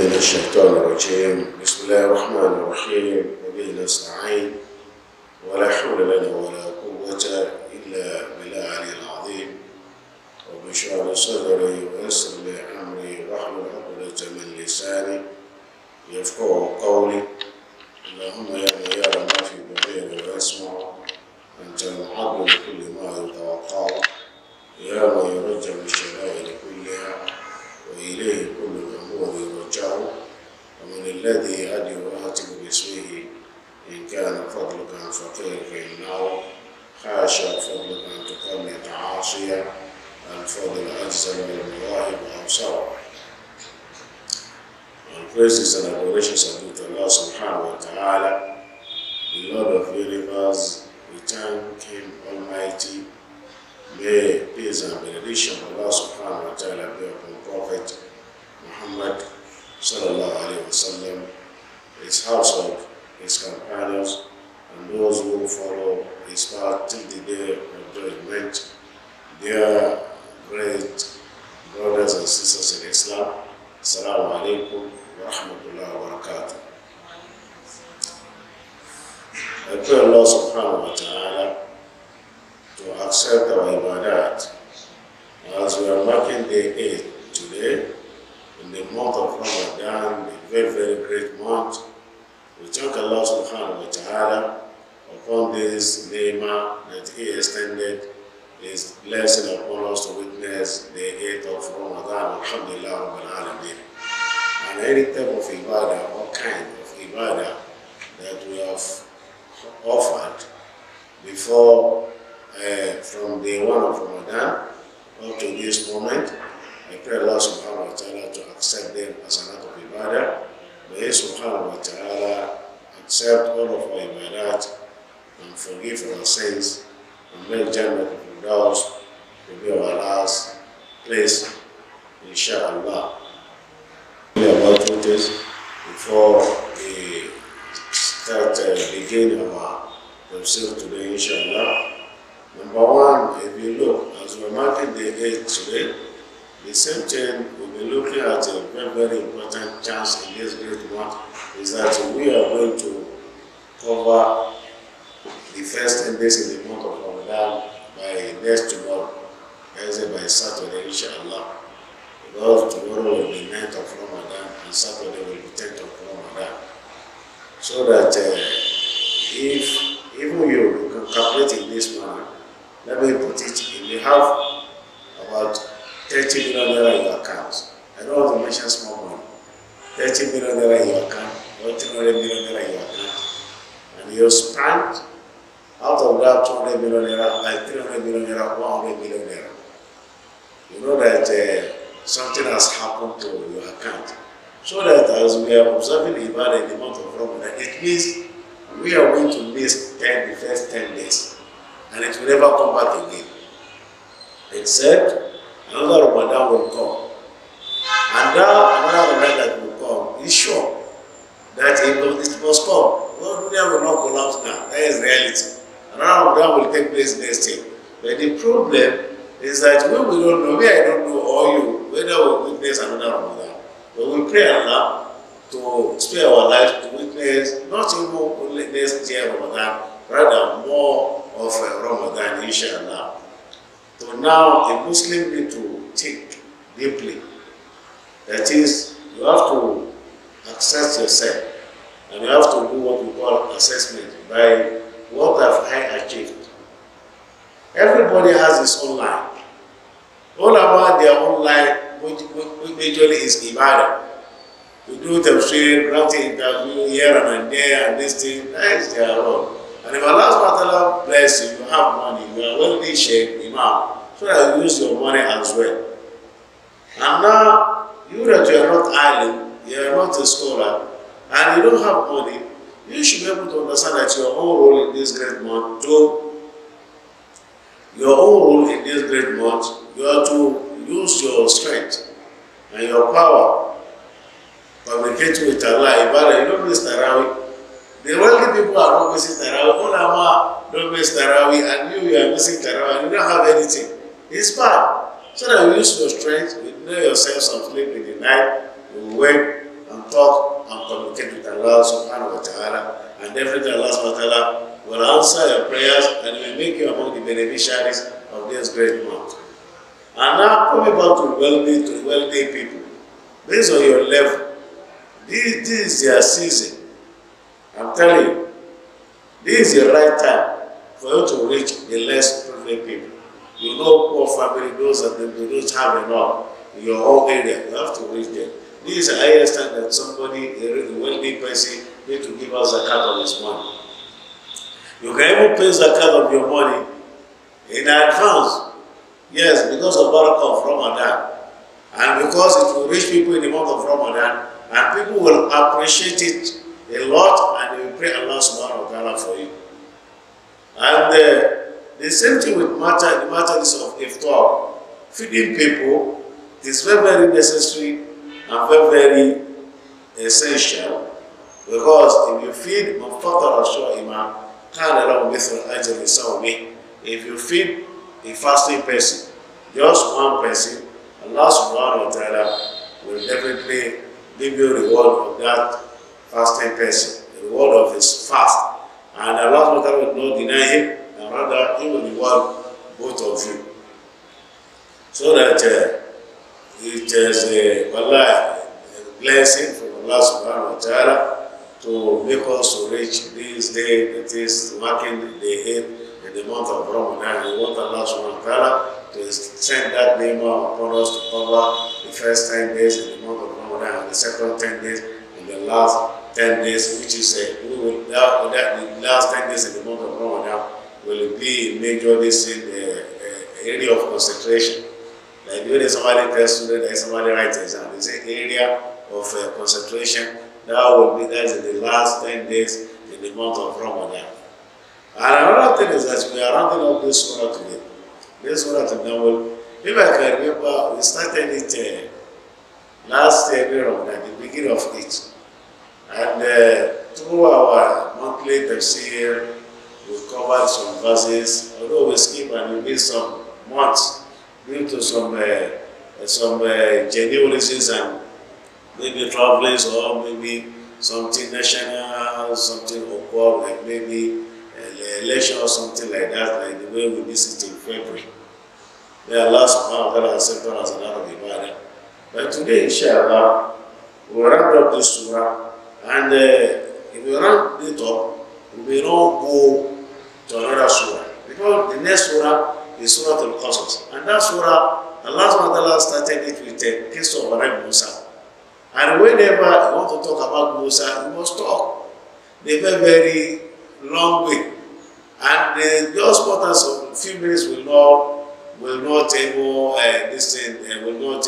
من الشيطان الرجيم بسم الله الرحمن الرحيم وبه نستعين ولا حول لنا ولا قوة إلا بالله العلي العظيم وبشار صدري ويسر لي أمري واحلل عقدة من لساني يفقه قولي اللهم يا من يرى ما في بطيني ويسمع أنت المحب لكل ما يتوقع يا من يرجع الشدائد كلها وإليه من الذي أن يراتب باسمه إن كان فضلك عن فقير فإنه خاشى فضلك أن تقمت عاصيا الفضل أجزل والمواهب أوسع And praises and adorations are due to Allah subhanahu wa ta'ala, the Lord of the universe, we thank Him Almighty. May peace and benediction of Allah subhanahu wa ta'ala be upon Prophet household. I pray Allah subhanahu wa ta'ala to accept them as an act of ibadah. May He subhanahu wa ta'ala accept all of our ibadat and forgive our sins and make Jannah to those to be our last place, inshallah. Only about two days before we start uh, begin our tafsir today, inshallah. Number one, if you look, as we're marking the eight today, the same we will be looking at a very, very important chance in this great month is that we are going to cover the first 10 days in the month of Ramadan by next tomorrow, as by Saturday, inshallah. Because tomorrow will be 9th of Ramadan and Saturday will be 10th of Ramadan. So that uh, if even you, you can calculate in this manner, let me put it, if you have about 30 million naira in your account. I don't want to mention small money. 30 million naira in your account, or 300 million naira in your account. And you spend out of that 200 million naira, like 300 million naira, 100 million naira. You know that uh, something has happened to your account. So that as we are observing Ibadah in the month of Ramadan, it means we are going to miss 10, the first 10 days. And it will never come back again. Except Another one that will come. And now another one that will come. He's sure that it must come. No, dunya will not collapse now. That is reality. Another one that will take place next year. But the problem is that when we don't know, me I don't know, all you, whether we witness another Ramadan. But we pray Allah to spare our lives, to witness, not even witness dear Ramadan, rather more of a uh, Ramadan, inshallah. So now a Muslim need to think deeply. That is, you have to assess yourself and you have to do what we call assessment by what have I achieved. Everybody has his own life. All about their own life, which, which, majorly is Ibadah. You do the tafsir, granting interview here and there and this thing, that is their own. And if Allah bless you, you have money, you are well in Imam so that you use your money as well. And now, you that you are not alim, you are not a scholar, and you don't have money, you should be able to understand that your own role in this great month, to your own role in this great month, you are to use your strength and your power. Communicate with Allah, Ibadah, you don't miss Tarawih. The wealthy people are not missing Taraweeh. Ulama don't miss Taraweeh, and you, you are missing Taraweeh, and you don't have anything. It's bad. So that you use your strength, you know yourself some sleep in the night, you wake and talk and communicate with Allah subhanahu wa ta'ala, and everything Allah subhanahu wa ta'ala will answer your prayers and will make you among the beneficiaries of this great month. And now coming back to wealthy to wealthy people, based on your level, this, this is their season. I'm telling you, this is the right time for you to reach the less privileged people. You know poor family, those that they don't have enough in your own area. You have to reach them. This is the highest time that somebody, a really wealthy person, need to give us card of his money. You can even pay card of your money in advance. Yes, because of barakah of Ramadan. And because it will reach people in the month of Ramadan, and people will appreciate it a lot and you pray Allah subhanahu wa ta'ala for you. And uh, the same thing with matter, the matters of iftar. Feeding people is very, very necessary and very, very essential because if you feed mafatar al-shawima, if you feed a fasting person, just one person, Allah subhanahu wa ta'ala will definitely give you reward for that fast ten person. The word of his fast. And Allah will not deny him, and rather he will reward both of you. So that uh, it is a, uh, Allah, a blessing from Allah subhanahu wa ta'ala to make us to reach this day that is marking the 8th in the month of Ramadan. We want Allah subhanahu wa ta'ala to send that name upon us to cover the first 10 days in the month of Ramadan and the second 10 days in the last 10 days, which is a, uh, we will, that, that, the last 10 days in the month of Ramadan will be majorly in the uh, uh, area of concentration. Like when somebody tells students that somebody writes exam, they say area of uh, concentration, that will be that in the last 10 days in the month of Ramadan. And another thing is that we are running up this surah today. This surah to Nawal. If I can remember, we started it uh, last year, Ramadan, the beginning of it. And uh, through our monthly tafsir, we've covered some verses, although we skip and we miss some months due to some uh, some uh, genuine reasons and maybe traveling or maybe something national, something occurred, like maybe an election or something like that, like the way we missed it in February. May Allah subhanahu wa ta'ala accept us and out of But today, inshallah, we'll round up this surah And uh, if we round it up, we will not go to another surah. Because the next surah is Surah al qasas And that surah, Allah subhanahu started it with the case of Arab Musa. And whenever you want to talk about Musa, you must talk. They went very long way. And uh, just what a few minutes will not will not able uh, this thing uh, will not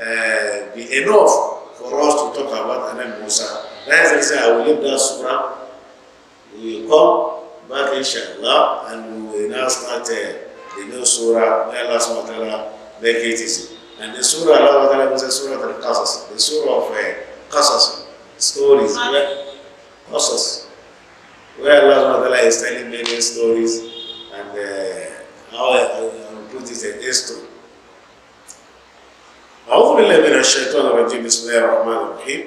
uh, be enough for us to talk about Anand Musa. As I say, I will leave that surah. We will come back inshallah and we will now start uh, the new surah. May Allah subhanahu wa make it easy. And the surah, Allah ta'ala is the surah of Qasas, the surah of uh, Qasas, stories, where, Qasas, where Allah ta'ala is telling many stories and uh, how I, I, I put it in history. أعوذ بالله من الشيطان الرجيم بسم الله الرحمن الرحيم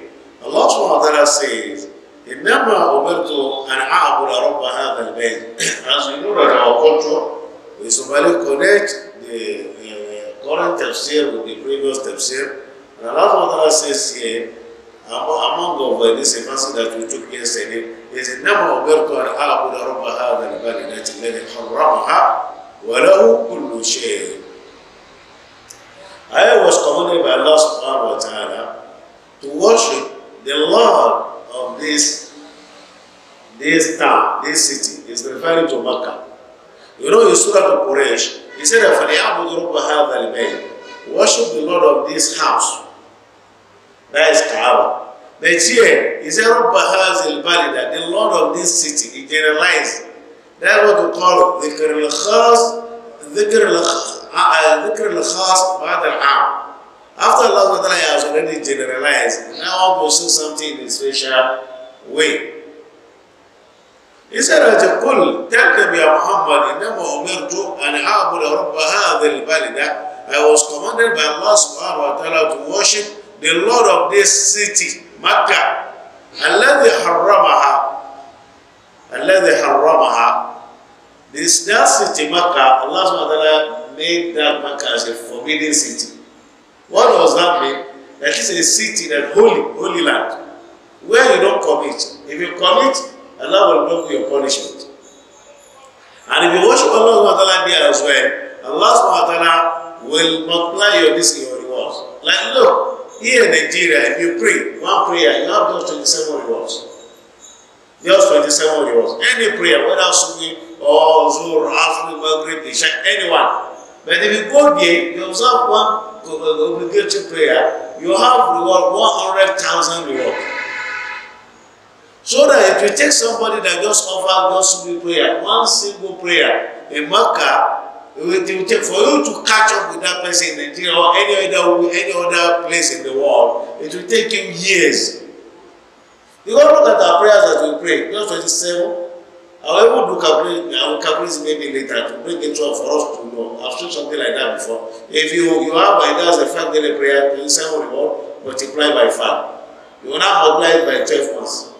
الله سبحانه وتعالى says إنما أمرت أن أعبد رب هذا البيت as we know that our culture is very connect the uh, current tafsir with the previous tafsir and Allah سبحانه وتعالى says here among of uh, this emphasis that إنما أمرت أن أعبد رب هذا البلد الذي حرمها وله كل شيء I was commanded by Allah subhanahu wa ta'ala to worship the Lord of this, this town, this city. is referring to Makkah. You know, in Surah Al Quraysh, he said, Worship the Lord of this house. That is Kaaba. But here, he said, that the Lord of this city, he generalized. That's what we call the Khas, the الذكر الخاص بهذا العام. After Allah Ta'ala has already generalized, now I'm posting something in a special way. He said, قل tell them يا محمد إنما أمرت أن أعبد رب هذا البلد. I was commanded by Allah Subhanahu wa Ta'ala to worship the Lord of this city, Mecca. الذي حرمها الذي حرمها this that city Mecca Allah Subhanahu wa Ta'ala made that Makkah as a forbidden city. What does that mean? That is a city, that holy, holy land, where you don't commit. If you commit, Allah will bring your punishment. And if you worship Allah SWT there as well, Allah SWT will multiply your this your rewards. Like look, here in Nigeria, if you pray, one prayer, you have those 27 rewards. Just 27 rewards. Any prayer, whether Sunni or Zuhr, Asr, Maghrib, Isha, anyone, But if you go there, you observe one uh, uh, obligatory prayer, you have reward 100,000 reward. So that if you take somebody that just offer God's single prayer, one single prayer, a marker, it will, it will take for you to catch up with that person in Nigeria or any other, any other place in the world, it will take you years. You go look at our prayers that we pray, just 27, However, do calculate, I will calculate maybe later to bring it up for us to know. I've said something like that before. If you, you have by that the fact that daily prayer, you send oh, what multiply by five. You will now multiply it by 12 months,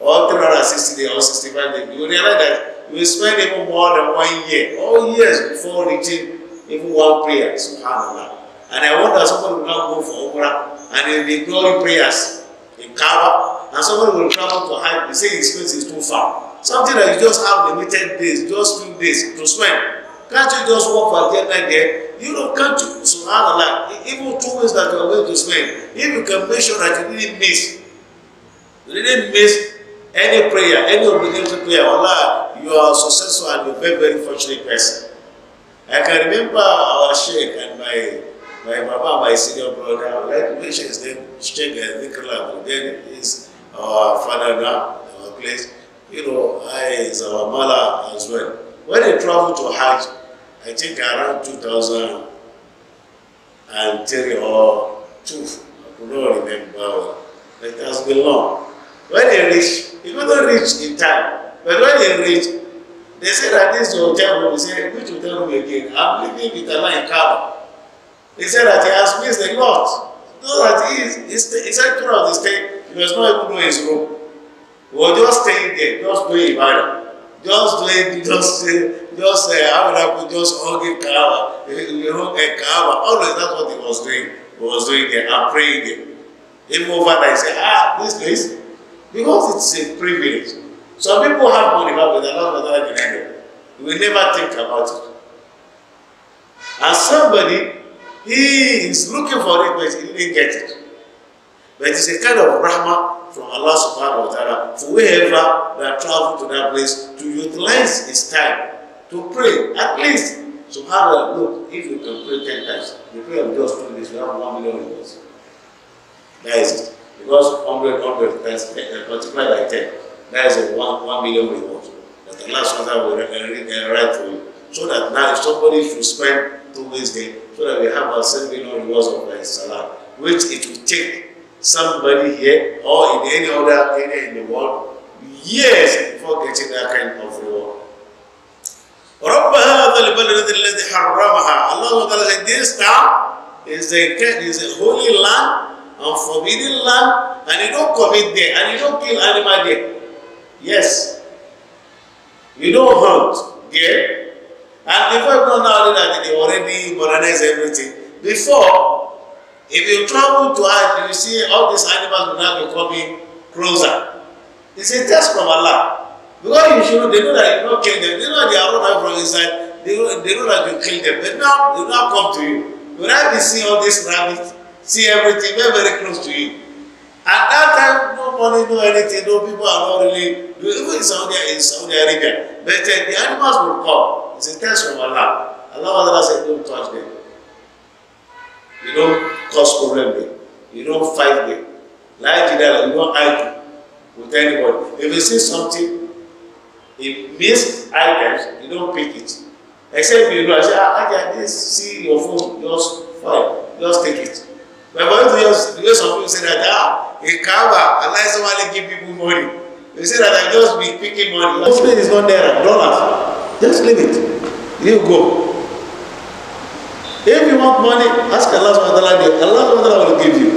or 360 days, or 65 days. You will realize that you will spend even more than one year, or years before reaching even one prayer, subhanAllah. And I wonder someone will now go for Umrah and he will be ignoring prayers in Kaaba, and someone will travel to Hajj, they say his face is too far. Something that you just have limited days, just few days to spend. Can't you just work for a like that? You know, can't you the subhanAllah. Even two weeks that you are going to spend, if you can make sure that you didn't miss, you didn't miss any prayer, any obligatory prayer, Allah, you are successful and you're very, very fortunate person. I can remember our sheikh and my my baba, my senior brother, I would like to mention his name, Sheikh Nicola Bulgarian, is our father now, our place you know, is our mala as well. When I traveled to Hajj, I think around 2003 or 2, I could not remember. It has been long. When they reach, you couldn't reach in time, but when they reach, they say that this hotel room, they say, which hotel room again? I'm living with Allah in Kaaba. They said that he has missed a lot. No, that he is, he's, he's, he's, he's, he does not even know his room. Well, just staying there, just doing Ibadan, just doing, just, uh, just, uh, how would I just just hugging Kaaba, you know, a Kaaba. Always, that's what he was doing. He was doing there and praying there. Even over there, he said, ah, this place, because it's a privilege. Some people have money, but they're not that than them. You will never think about it. And somebody, he is looking for it, but he didn't get it. But it's a kind of Brahma from Allah subhanahu wa ta'ala for wherever that travel to that place to utilize his time to pray at least subhanallah look if you can pray 10 times the prayer of just two days you have 1 million rewards that is it because 100 100 eh, eh, multiplied by 10 that is a 1, 1 million reward that Allah subhanahu wa ta'ala will write for you so that now if somebody should spend two weeks there so that we have our 7 million rewards of salah which it will take somebody here or in any other area in the world years before getting that kind of reward. رب هذا البلد الذي حرمها Allah تعالى said this town is a, is a holy land a forbidden land and you don't commit there and you don't kill animal there. Yes. You don't hunt there. And before people know now that they already modernize everything. Before, If you travel to Hajj, you see all these animals will now be coming closer. It's a test from Allah. Because you should, they know that you not kill them. They know they are running from inside. They know, they know that you kill them. But now, they not come to you. You now be seeing all these rabbits, see everything very, very close to you. At that time, no money, no anything, no people are not really, even in Saudi, in Saudi Arabia. But uh, the animals will come. It's a test from Allah. Allah said, don't touch them. You don't cause problem there. You don't fight there. Like that, you don't argue with anybody. If you see something, it missed items, you don't pick it. Except if you know, I say, ah, I can just see your phone, just fine, just take it. But when you just, the way some people say that, ah, in Kaaba, Allah is only give people money. They say that I just be picking money. Hopefully is not there, dollars. Just leave it. You go. If you want money, ask Allah subhanahu wa Allah subhanahu wa will give you.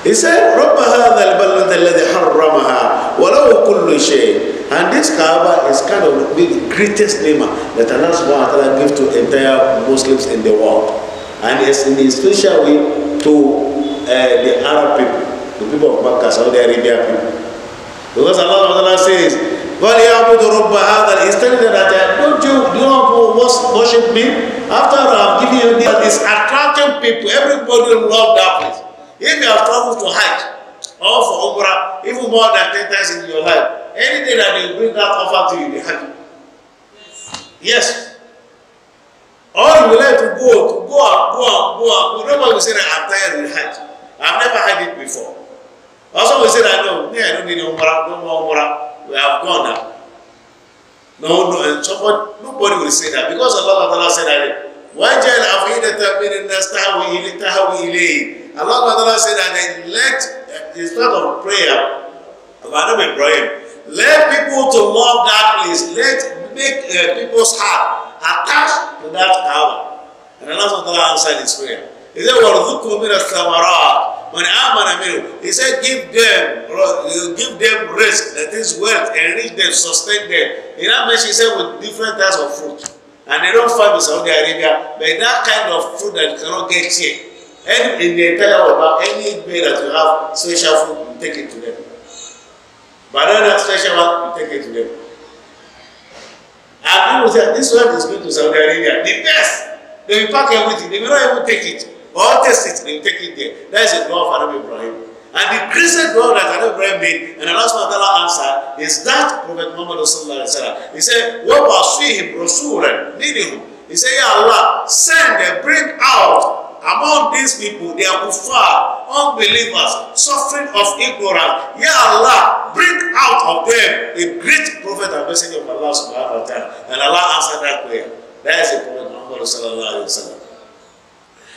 He said, رَبَّ هَذَا الْبَلَدَ الَّذِي حَرَّمَهَا وَلَوْ كُلُّ شَيْءٍ And this Kaaba is kind of the greatest nima that Allah subhanahu wa ta'ala gives to entire Muslims in the world. And it's in a special way to uh, the Arab people, the people of Makkah, Saudi Arabia people. Because Allah subhanahu wa ta'ala says, Well, Yabudu Rabba Hadar, he's telling them that don't you, do you want to worship me? After I've given you this, it's attracting people. Everybody will love that place. If you have traveled to Hajj or for Umrah, even more than ten times in your life, anything that will bring that offer to you, they Hajj. Yes. yes. Or you will like to go, to go out, go out, go out. You know what we say that I'm tired with Hajj. I've never had before. Also, we say that no, yeah, I don't need Umrah, no more Umrah we have gone now. No, no, and somebody, nobody will say that because Allah Ta'ala said that. وَجَلْ أَفْئِدَةً مِنْ النَّاسِ تَهْوِي إِلَيْهِ Allah Ta'ala said that and let, the start of prayer of Adam Ibrahim, let people to love that place, let make uh, people's heart attached to that Kaaba. And Allah Ta'ala answered his prayer. He said, وَرْضُكُمْ مِنَ الثَّمَرَاتِ When Amara Minu, he said, give them, give them rest, that is wealth, enrich them, sustain them. In that mention, he said, with different types of fruit. And they don't find in Saudi Arabia, but that kind of fruit that you cannot get here. And in the entire world, any way that you have special food, you take it to them. Banana special one, you take it to them. And people say, this one is good to Saudi Arabia, the best. They will pack everything, they will not even take it. All test it, they will take it there. That is the dua of Adam Ibrahim. And the greatest dua that Adam Ibrahim made, and Allah subhanahu wa answered, is that Prophet Muhammad sallallahu alayhi wa sallam. He said, وَبَصْفِهِمْ رَسُولًا He said, Ya Allah, send and bring out among these people, they are kuffar, unbelievers, suffering of ignorance. Ya Allah, bring out of them a great prophet and messenger of Allah subhanahu wa ta'ala. And Allah answered that prayer. That is the Prophet Muhammad sallallahu alayhi wa sallam.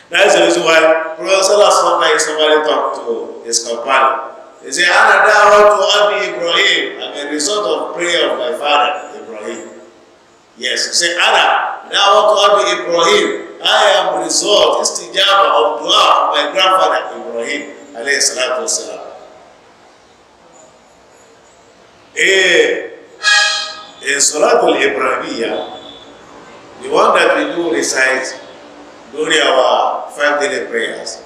That's the reason why Prophet sometimes somebody talked to his companion. He said, Ana dawa to Abi Ibrahim. I'm a result of prayer of my father, Ibrahim. Yes, he said, Ana dawa to Abi Ibrahim. I am result, istijaba of dua of my grandfather, Ibrahim. Alayhi salatu wasalam. in eh, eh, Salatul Ibrahim, the one that we do recite during our five daily prayers.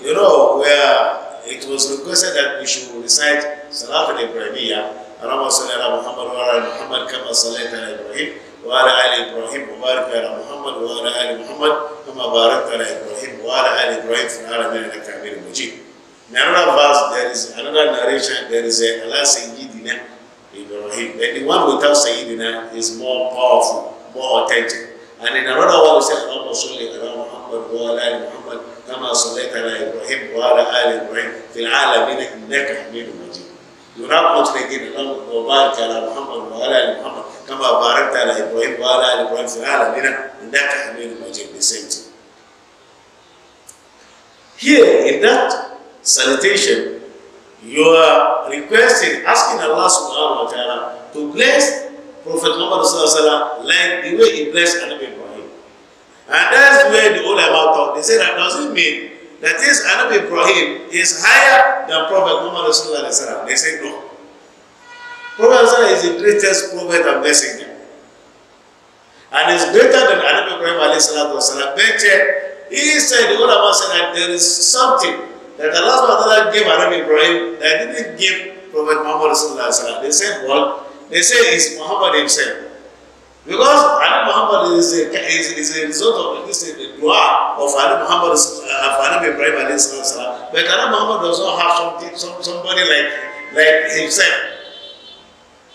You know, where it was requested that we should recite Salatul Ibrahimiyya, اللهم صل على محمد وعلى ال محمد كما صليت على ابراهيم وعلى ال ابراهيم وبارك على محمد وعلى ال محمد كما باركت على ابراهيم وعلى ال ابراهيم في العالمين انك حميد مجيد. In another verse, there is another narration, there is a Allah Sayyidina Ibrahim. And the one without Sayyidina is more powerful, more authentic. أن يعني نرى وسع الله صلي على محمد وعلى آل محمد كما صليت على إبراهيم وعلى آل إبراهيم في العالمين إنك حميد مجيد ينقض لكن الله وبارك على محمد وعلى آل محمد كما باركت على إبراهيم وعلى آل إبراهيم في العالمين إنك حميد مجيد the Here in that salutation, you are requesting, asking Allah subhanahu wa ta'ala to bless Prophet Muhammad like the way he blessed Anabi Ibrahim. And that's where the ulama talk. They say that doesn't mean that this Anabi Ibrahim is higher than Prophet Muhammad. They say no. Prophet is the greatest prophet and messenger. And is greater than Anabi Ibrahim. But he said, the ulama said that there is something that Allah gave Anabi Ibrahim that didn't give Prophet Muhammad. They said, well, they say it's Muhammad himself. Because Ali Muhammad is a, is, is a result of this dua of Ali Muhammad, uh, of Ali Ibrahim alayhi salam. But Ali Muhammad does not have something, some, somebody like, like himself.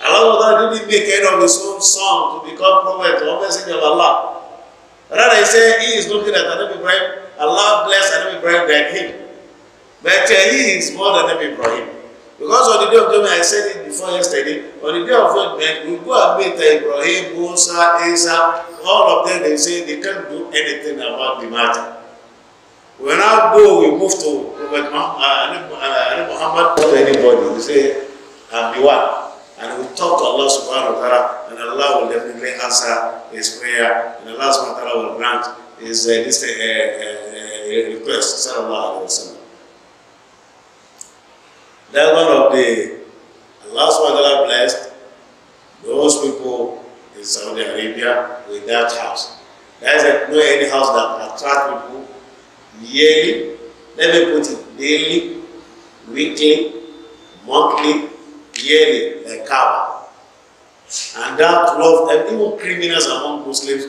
Allah didn't make any of his own son to become prophet or messenger of Allah. Rather, he said he is looking at Ali Ibrahim. Allah bless Ali Ibrahim than him. But uh, he is more than Ali Ibrahim. Because on the day of judgment, I said it before yesterday, on the day of judgment, we go and meet Ibrahim, Musa, Isa, all of them, they say they can't do anything about the matter. When I go, we move to Prophet uh, uh, Muhammad, anybody. We say, I'm the one. And we talk to Allah subhanahu wa ta'ala, and Allah will definitely answer his prayer, and Allah subhanahu wa ta'ala will grant his uh, this, uh, uh, uh request. Sallallahu alayhi wa sallam. That's one of the last one that I blessed those people in Saudi Arabia with that house. There is no any house that attract people yearly, let me put it daily, weekly, monthly, yearly, like cover. And that love, and even criminals among Muslims,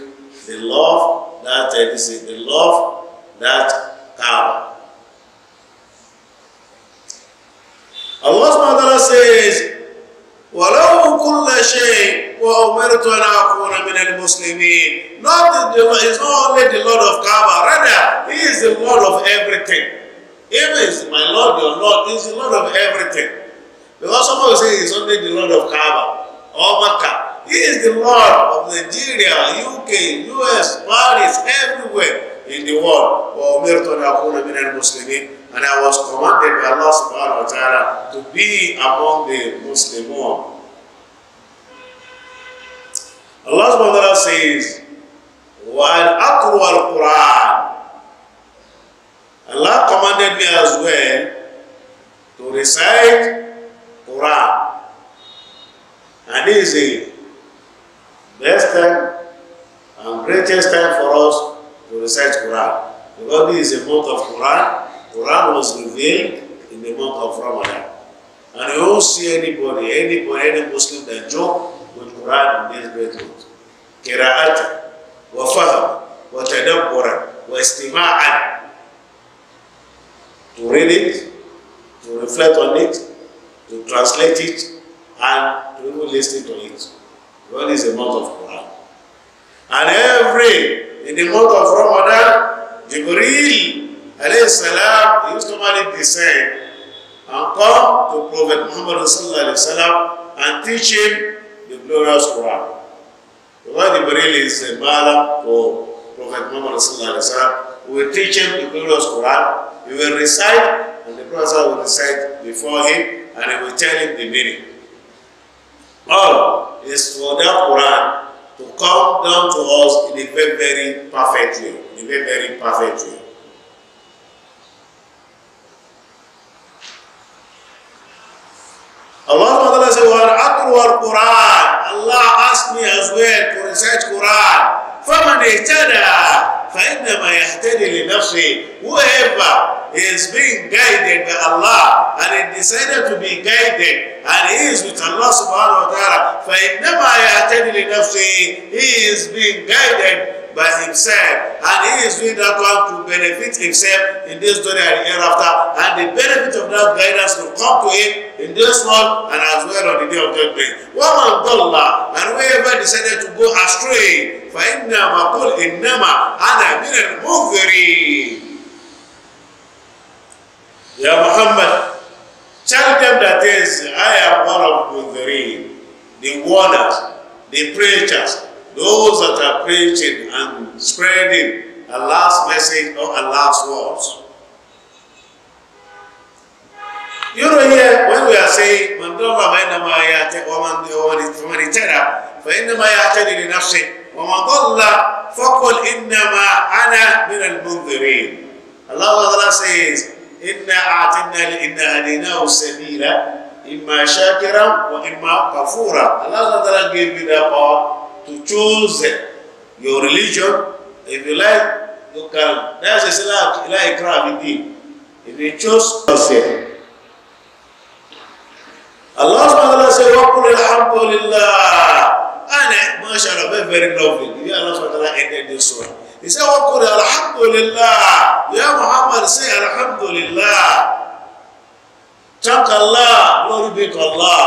they love that uh, they love that cow. Allah subhanahu says, وَلَوْ كُلَّ شَيْءٍ وَأُمِرْتُ أَنْ أَكُونَ مِنَ الْمُسْلِمِينَ Not the, he's not only the Lord of Kaaba, rather, he is the Lord of everything. Even is my Lord, your Lord, he is the Lord of everything. Because some people say he's only the Lord of Kaaba or Makkah. He is the Lord of Nigeria, UK, US, Paris, everywhere in the world. وَأُمِرْتُ أَنْ أَكُونَ مِنَ الْمُسْلِمِينَ and I was commanded by Allah subhanahu wa ta'ala to be among the Muslims. Allah subhanahu wa ta'ala says, وَأَنْ أَقْرُوَ Quran." Allah commanded me as well to recite Quran. And this is the best time and greatest time for us to recite Quran. Because this is a month of Quran Quran was revealed in the month of Ramadan. And you don't see anybody, anybody, any Muslim that joke with Quran in this great month. Kira'at, wa faham, wa wa istima'an. To read it, to reflect on it, to translate it, and to even listen to it. What is is month of Quran. And every, in the month of Ramadan, Jibreel alayhi salam used to normally descend and come to Prophet Muhammad sallam, and teach him the glorious Quran. Prophet Ibrahim is a malam to Prophet Muhammad sallam, who will teach him the glorious Quran, he will recite, and the Prophet will recite before him, and he will tell him the meaning. All is for that Quran to come down to us in a very, very perfect way, in a very, very perfect way. تدبر قرآن الله asked me as well to recite Quran فمن اهتدى فإنما يهتدي لنفسه whoever is being guided by Allah and he decided to be guided and he is with Allah subhanahu wa ta'ala فإنما يهتدي لنفسه he is being guided by himself and he is doing that one to benefit himself in this story and hereafter and the benefit of that guidance will come to him in this world and as well on the day of judgment. وَمَنْ ضَلَّ and whoever decided to go astray فَإِنَّمَا قُلْ إِنَّمَا أَنَا مِنَ الْمُنذِرِينَ Ya Muhammad, tell them that is, I am one of the the warners, the preachers, Those that are preaching and spreading a last message or a last words. You know here, when we are saying, من ضل فإنما يهتدي ومن اهتدى فإنما يهتدي لنفسه ومن ضل فقل إنما أنا من المنذرين. Allah Ta'ala says, إنا أعطينا إنا هديناه السبيل إما شاكرا وإما كفورا. Allah Ta'ala give you the power to choose eh, your religion. If you like, you can. That's Islam, Islam Ikram indeed. If you choose yourself. Allah subhanahu wa ta'ala said, وَقُلِ الْحَمْدُ لِلَّهِ And eh, mashallah, very, very lovely. You Allah subhanahu wa ta'ala ended this one. He said, وَقُلِ الْحَمْدُ لِلَّهِ Ya Muhammad, say, Alhamdulillah. Thank Allah, glory be to Allah.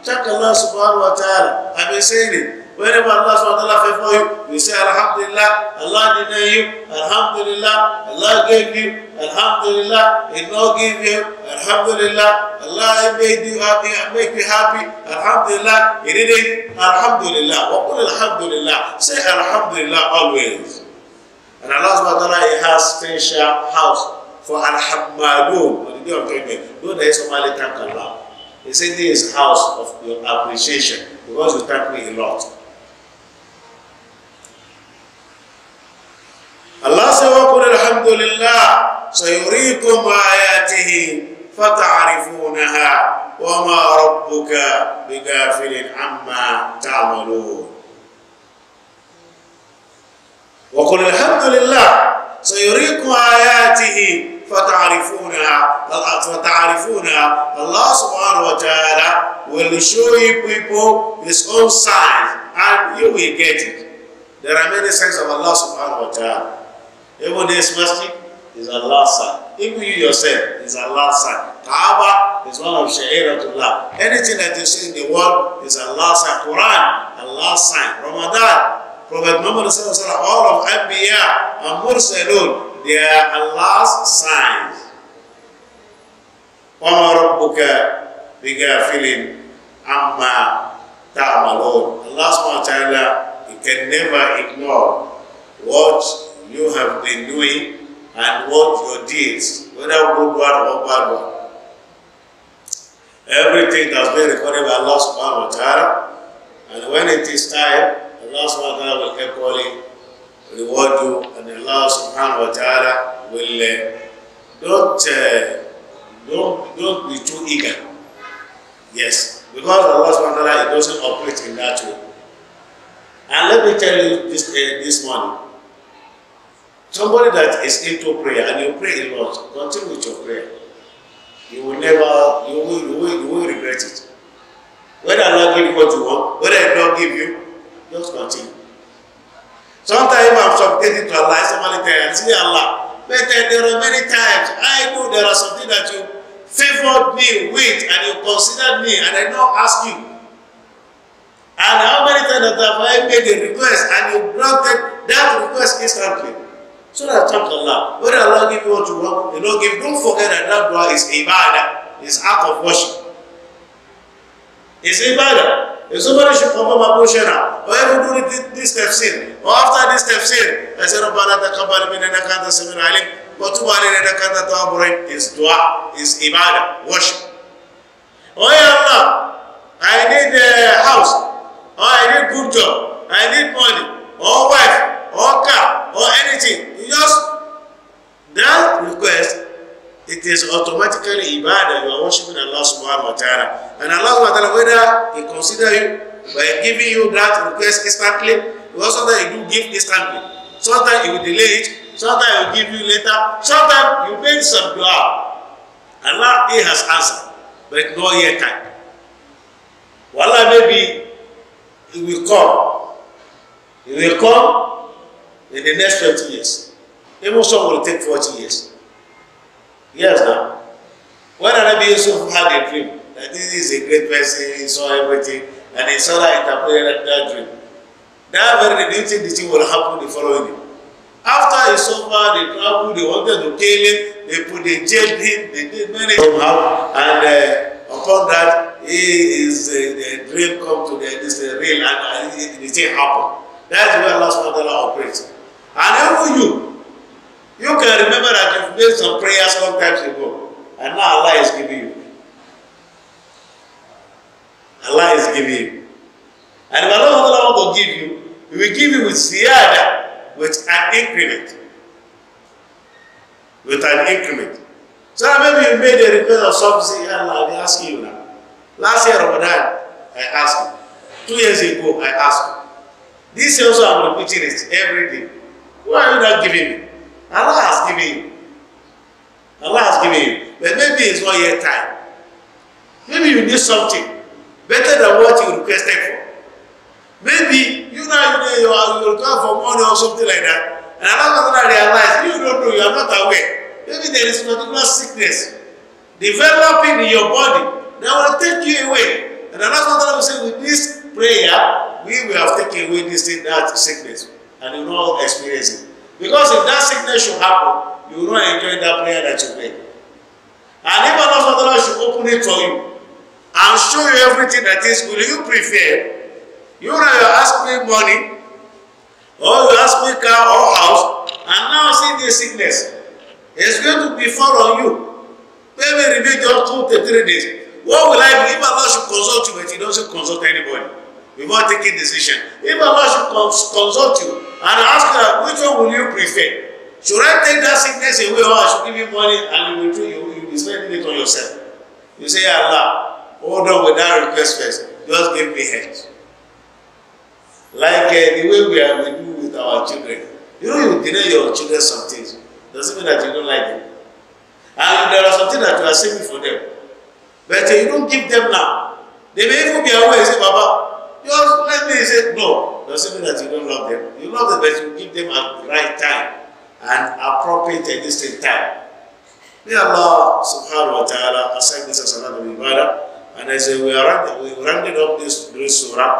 Thank Allah subhanahu wa ta'ala. I've been saying it. Whenever Allah SWT favor you, you say Alhamdulillah, Allah denied you, Alhamdulillah, Allah gave you, Alhamdulillah, He not give you, Alhamdulillah, Allah made you happy, make you happy, Alhamdulillah, He didn't, Alhamdulillah, وقل Alhamdulillah, say Alhamdulillah always. And Allah SWT, He has special house for Al-Hammadun on the day of judgment. Though thank Allah. He said, This is house of your appreciation because you thank me a lot. الله سيقول الحمد لله سيريكم آياته فتعرفونها وما ربك بغافل عما تعملون وقل الحمد لله سيريكم آياته فتعرفونها فتعرفونها الله سبحانه وتعالى will show you people his own signs and you will get it. There are many signs of Allah subhanahu wa ta'ala. Even this masjid is Allah's sign. Even you yourself is Allah's sign. Kaaba is one of Sha'iratullah. Anything that you see in the world is Allah's sign. Quran, Allah's sign. Ramadan, Prophet Muhammad all of Anbiya and Mursalun, they are Allah's signs. وَمَا رَبُّكَ بِغَافِلٍ عَمَّا تَعْمَلُونَ Allah subhanahu wa ta'ala, he can never ignore what you have been doing and what your deeds, whether good one or bad one. Everything that's been recorded by Allah subhanahu wa ta'ala, and when it is time, Allah subhanahu wa ta'ala will calling, reward you, and Allah subhanahu wa ta'ala will uh, don't, uh, don't, don't be too eager. Yes, because Allah subhanahu wa ta'ala doesn't operate in that way. And let me tell you this, uh, this morning, Somebody that is into prayer and you pray a lot, continue with your prayer. You will never, you will, you will, you will regret it. Whether Allah give you what you want, whether I not give you, just continue. Sometimes I'm supplicating to Allah, somebody tell me, see Allah, but there are many times I know there are something that you favored me with and you considered me and I now ask you. And how many times have I made a request and you granted that request instantly? So that chapter Allah. When Allah give you what you want, you don't give, don't forget that that dua is ibadah, is act of worship. It's ibadah. If somebody should come up and push it out, or ever do this tafsir, or after this tafsir, I say, Rabbana the minana kanta samin alim, wa tuba alayna kanta tawaburain, is dua, is ibadah, worship. Oh yeah, Allah, I need a house, or oh, I need good job, I need money, or wife, or car, or anything just that request, it is automatically ibadah. You are worshiping Allah subhanahu wa ta'ala. And Allah subhanahu wa ta'ala, whether He consider you by giving you that request instantly, or sometimes He do give instantly. Sometimes He will delay it. Sometimes He will give you later. Sometimes you make some dua. Allah, He has answered, but not yet time. Wallah, maybe He will come. He will come in the next 20 years. Even some will take 40 years. Years now. When Rabbi Yusuf had a dream that this is a great person, he saw everything, and he saw that interpreted that dream. That very day, the thing will happen the following day. After he suffered, they traveled, they wanted to kill him, they put they jail him, they did many somehow, and uh, upon that, he is uh, the dream come to the, this, uh, real, and uh, the thing happened. That's where Allah subhanahu wa ta'ala operates. And even you, You can remember that you've made some prayers long times ago, and now Allah is giving you. Allah is giving you. And if Allah wants to give you, He will give you with siyada, with an increment. With an increment. So maybe you made a request of something, and I'll be asking you now. Last year, Ramadan, I asked you. Two years ago, I asked you. This also, I'm repeating it every day. Why are you not giving me? Allah has given you. Allah has given you. But maybe it's one year time. Maybe you need something better than what you requested for. Maybe you now you know you going for money or something like that. And another person realized you don't know, you are not aware. Maybe there is particular sickness developing in your body that will take you away. And Allah person will say, with this prayer, we will have taken away this thing, that sickness. And you will not experience it. Because if that sickness should happen, you will not enjoy that prayer that you pray. And if Allah Ta'ala should open it for you and show you everything that is, will you prefer? You know, you ask me money, or you ask me car or house, and now see the sickness. It's going to be fall on you. Maybe remain just two to three days. What will I do if Allah should consult you, but you don't consult anybody before taking decision? If Allah should cons consult you, and ask her, which one will you prefer? Should I take that sickness away or oh, I should give you money and you will do you, you will be it on yourself? You say, Allah, hold on with that request first. Just give me health. Like uh, the way we are we do with our children. You know you deny your children some things. Doesn't mean that you don't like them. And there are something that you are saving for them. But uh, you don't give them now. They may even be aware and say, Baba, Yours, let me say, no. Doesn't mean that you don't love them. You love them, but you give them at the right time and appropriate and distinct time. May Allah subhanahu wa ta'ala assign this as another ibadah. And as we are we rounded up this great surah,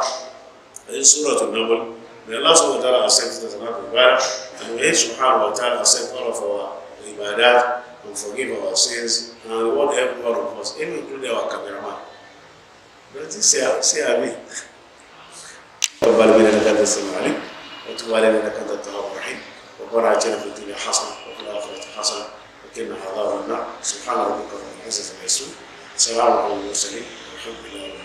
this surah to Nabil, may Allah subhanahu wa ta'ala accept this as another ibadah. And may subhanahu wa ta'ala accept all of our ibadat and forgive our sins and we reward every one of us, even including our cameraman. But see, see, I mean. تقبل منا لك انت وتوالينا لك انت التواب الرحيم ربنا اجعلنا في الدنيا حسنه وفي الاخره حسنه وكلنا عذاب النار سبحان ربك رب العزه عما يصفون سلام على المرسلين والحمد لله